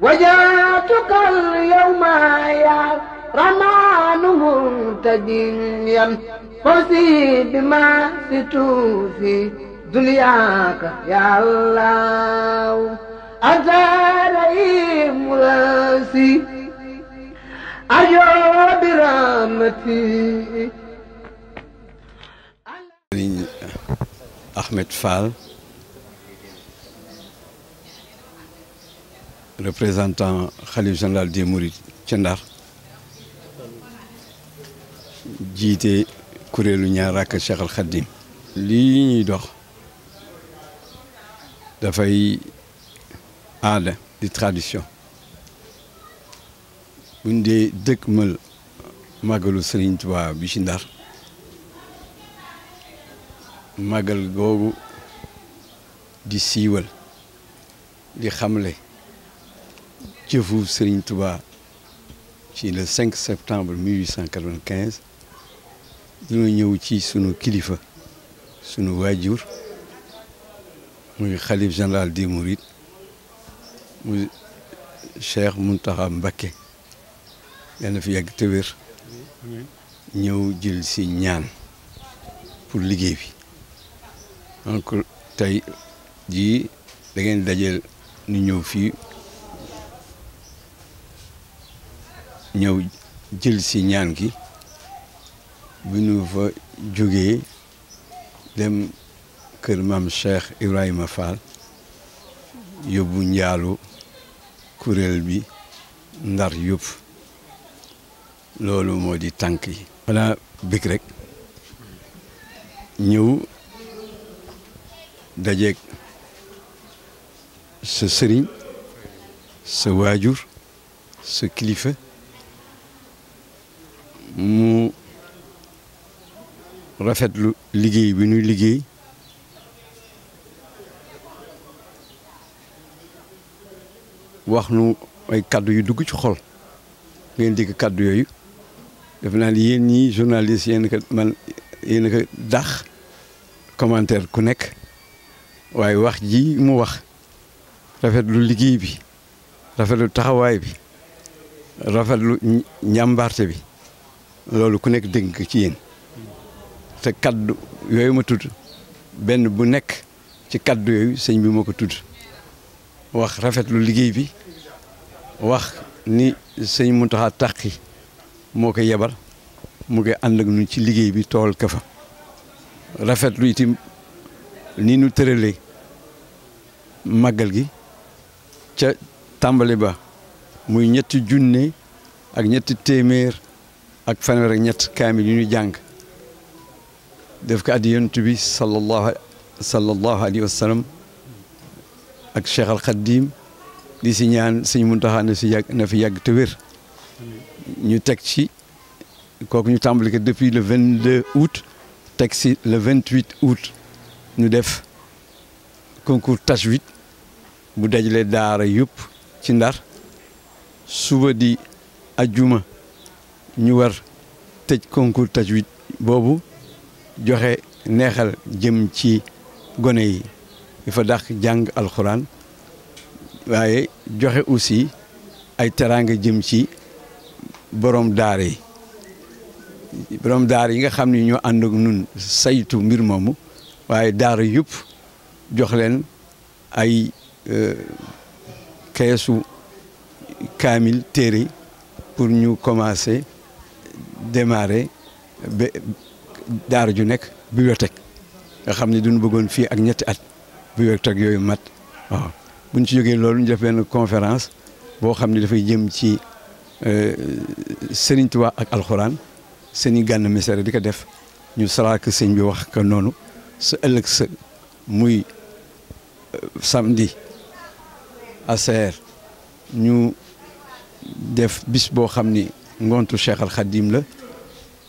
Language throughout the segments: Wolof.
وجاتك اليوم يا رمان منتجيا فوزي بما ستوفي دنياك يا الله أزاري مراسي أجو برامتي Ahmed Fall représentant xalif général des Mourides ca Ndar jiite kuréelu ñaar rakk Cheikh al Khadim lii ñuy dox dafay aada di tradition buñ dee dëkkmal màggalu Sëriñ Tuubaa bi ci Ndar màggal googu di siiwal di xamle jëfu Serigne Touba ci le 5 septembre 1895 dina ñëw ci sunu kilifa sunu waajur muy xalif général di Mourides muy Cheikh Mountakha Mbacké yàlla fi yàgg te wér ñëw jël si ñaan pour liggéey bi donc tey jii da ngeen dajeel ñu ñëw fii. ñëw jël si ñaan gi bu ñu fa jógee dem kër maam Cheikh Ibrahima Fall yóbbu njaalu kuréel bi ndar yëpp loolu moo di tànk yi xanaa bik rek ñëw dajeeg sa sëriñ sa waajur sa kilifa mu rafetlu liggéey bi ñuy liggéey wax nu ay kàddu yu dugg ci xol ngeen dégg kàddu yooyu def naa ni yéen ñii journaliste yéen ko man yéen ko dax commentaire ku nekk waaye wax ji mu wax rafetlu liggéey bi rafetlu taxawaay bi rafetlu njàmbaarte bi loolu ku nekk dégg ci yéen te kaddu yooyu ma tudd benn bu nekk ci kàddu yooyu sëñ bi moo ko tudd wax rafetlu liggéey bi wax ni sëñ Muntaxa Taqi moo ko yebal mu ngi ànd ak ñun ci liggéey bi tool ka fa rafetlu itim ni nu tëralee màggal gi ca tàmbali ba muy ñetti junne ak ñetti téeméer ak fanweer ñett kaamil yu ñu jàng def ko addi yonent bi sallallahu sallallahu alayhi wa ak Cheikh al Xaddim di si ñaan suñu muntaxaa na si yàgg na fi yàgg te wér ñu teg ci kooku ñu tàmbali ko depuis le 22 août teg si le 28 août ñu def concours tajwid bu dajalee daara yëpp ci ndar suba di ajjuma ñu war tëj concours wit boobu joxe neexal jëm ci gone yi fa dàq jàng alxuraan waaye joxe aussi ay teraanga jëm ci borom daara yi borom daara yi nga xam ni ñoo ànd ak nun saytu mbir moomu waaye daara yëpp jox leen ay e, keesu kaamil téere pour ñu commencer démarré ba ju nekk bibliothèque nga xam ne duñu bëggoon fii ak ñetti at bibliothèque yooyu mat waaw buñ ci jógee loolu ñu def benn conférence boo xam ne dafay jëm ci euh, Serigne Touba ak alxuraan Serigne Gana Messere di ko def ñu salaak sëñ bi wax ko noonu sa ëllëg sa muy euh, samedi ACR ñu def bis boo xam ni ngontu Cheikh Al la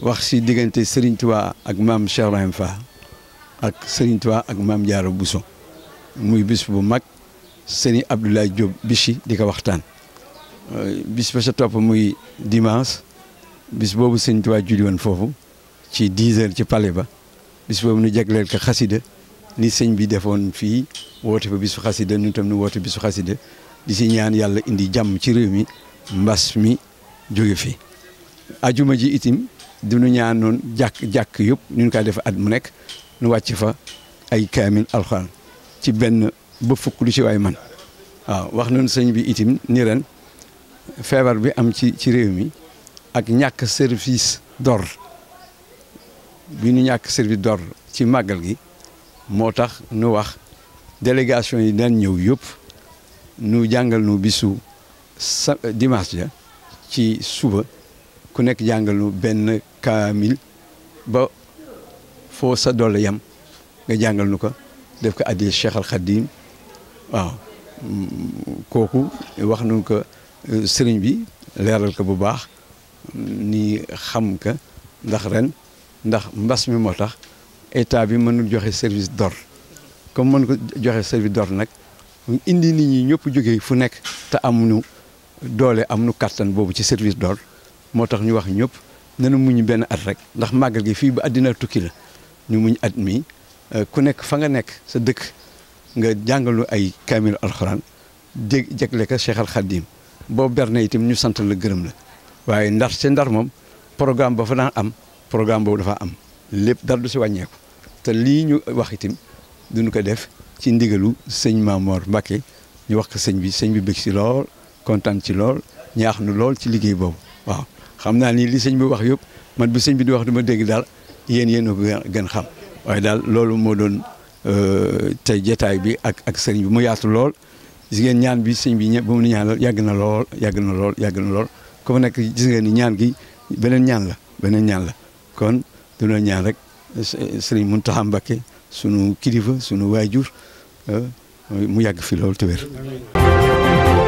wax si diggante sëriñtuwaa ak maam Cheikh Ibrahim Fall ak sëriñtuwaa ak maam Diarra Bousso muy bis bu mag seeni Abdoulaye Diop Bichi di ko waxtaan. Euh, bis ba sa topp muy dimanche bis boobu Serigne Touba julli woon foofu ci 10 heures ci pale ba bis boobu nu jagleel ko xasida ni sëñ bi defoon fii woote fa bisu xasida nu tam nu woote bisu xasida di si ñaan yàlla indi jàmm ci réew mi mbas mi. jóge fi ajuma ji itim dinu ñaa noon jàkk jàkk yëpp ñu koy def at mu nekk nu wàcc fa ay kaamil alxuraan ci benn ba fukk lu ci waay man waaw wax noonu sëñ bi itim ni ren feebar bi am ci ci réew mi ak ñàkk service dor bi ñu ñàkk service dor ci màggal gi moo tax nu wax délégation yi daan ñëw yëpp nu jàngal nu bisu sa dimanche ja ci suba ku nekk jàngalu benn kaamil ba foo sa doole yam nga jàngal nu ko def ko addiya Cheikh Al waaw kooku wax nu ko euh, sëriñ bi leeral ko bu baax ni xam ka ndax ren ndax mbas mi moo tax état bi mënul joxe service dor comme mën ko joxe service dor nag indi nit ñi ñëpp jóge fu nekk te amuñu doole am nu kattan boobu ci service d'ordre moo tax ñu wax ñëpp nanu muñ benn at rek ndax màggal gi fii ba àddina tukki la ñu muñ at mii euh, ku nekk fa nga nekk sa dëkk nga jàngalu ay kaamil alxuraan jég jégle ka Cheikh Al Khadim berne itam ñu santal la gërëm la waaye ndar ci ndar moom programme ba fa daan am programme boobu dafa am lépp dara du si wàññeeku te lii ñu wax itam duñu ko def ci ndigalu sëñ Maamoor Mbàkke ñu wax ko sëñ bi sëñ bi bëgg si lool kontaan ci lool ñaax nu lool ci liggéey boobu waaw xam naa ni li sëñ bi wax yëpp man bi sëñ bi di wax ma dégg daal yéen yéen a ko gën xam waaye daal loolu moo doon euh, te jataay bi ak ak sëriñ bi mu yaatu lool gis ñaan bi sëñ bi ba mu ni ñaan yàgg na lool yàgg na lool yàgg na lool ku mu nekk gis ngeen ñaan gi beneen ñaan la beneen ñaan la kon du ñaan rek sëriñ Mountakha Mbacké sunu kilifa sunu waajur euh, mu yàgg fi lool te wér